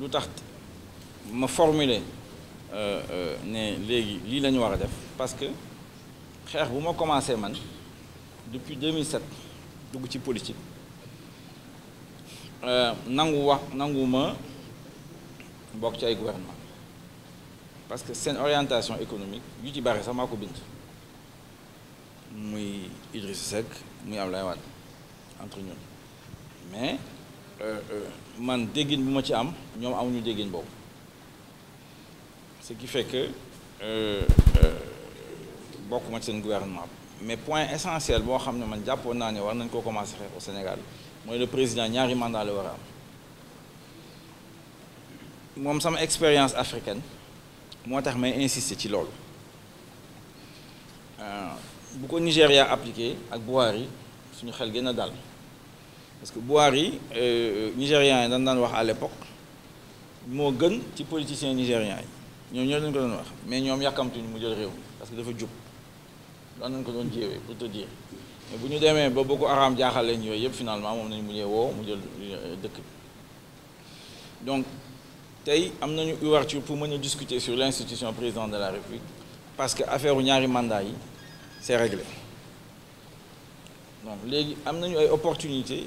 lu tax ma formuler euh, euh, ne euh, né la def parce que xex vous m'avez commencé man depuis 2007 dugg ci politique euh, nangu wax nangu ma ci ay gouvernement parce que une orientation économique yu ci bari sax maa ko bind muy Idriss Seck muy Abdoulaye Wade entre ñun mais euh, euh, man déggin bu ma ci am ñom amuñu déggin boobu ce qui fait que euh, bokkuma ci seen gouvernement mais point essentiel bo xamne man jappo naa ne war nañ ko commencer au Sénégal moy le président ñaari mandat la war a sama expérience africaine motax tax may insister ci euh bu ko Nigéria appliqué ak Buhari suñu xel gën dal parce que Boari, euh, Nigérian, dans dans daan wax à l'époque mo gën ci politiciens nigérians yi ñoo dañ ko doon wax mais ñoom yàkkamtuñu mu jël réew parce que dafa jub doon nañ ko doon jëwé pour te dire mais bu ñu demee ba Boko Haram jaaxal leen yooyu finalement moom nañu mujjee woo mu jël euh, dëkk donc tay am nañu ouverture pour mën discuter sur l'institution président de la République parce que affaire u ñaari mandat yi c'est réglé donc léegi am nañu ay opportunités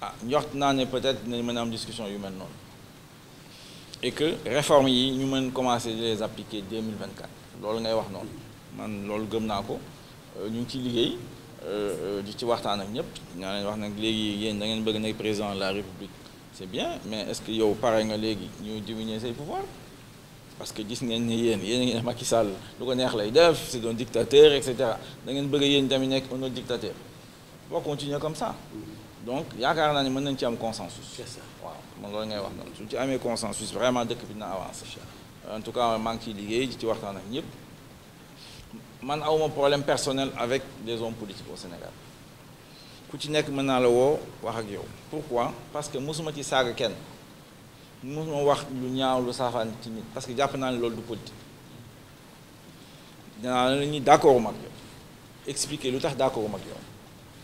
ah njort naa ne peut-être né mëna am discussion yu mel non et que réforme yi ñu mën commencer les appliquer 2024 lool ngay wax non man lool gëm naa ko euh, ñu ci ciy euh, euh di ci waxtaan ak ñëpp ñaan leen wax nak légui yeen da ngeen bëgg nekk président de la république c'est bien mais est-ce que yow pare nga légui ñu diminuer say pouvoirs parce que gis ngeen ni yeen yeen a Macky Sall lu ko neex lay def c'est un dictateur et cetera da ngeen bëgg yeen tamit nekk un dictateur boo continuer comme ça donc yaakaar naa ne mën nañu ci am consensus. c'est ça waaw man loolu ngay wax noonu suñu ci amee consensus vraiment dëkk bi dina avancer. en tout cas maa ngi ciy liggéey di ci waxtaan ak ñëpp man awma problème personnel avec des hommes politiques au Sénégal ku ci nekk mën naa la woo wax ak yow. pourquoi parce que mosuma ci saaga kenn mosuma wax lu ñaaw lu saafaan ci parce que jàpp naa ne du politique dinaa la ñuy d'accord ak yow expliquer lu tax d'accord ak yow.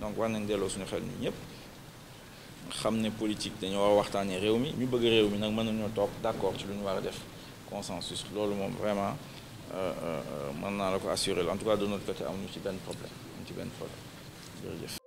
donc war nañ delloo suñu xel ñun ñëpp xam ne politique dañoo war waxtaanee réew mi ñu bëgg réew mi nag mën nañoo toog d'accord ci lu ñu war a def consensus loolu moom vraiment euh, euh, euh, mën naa la ko assurer en tout cas de notre am amuñu ci benn problème amuñu ci benn problème jërëjëf.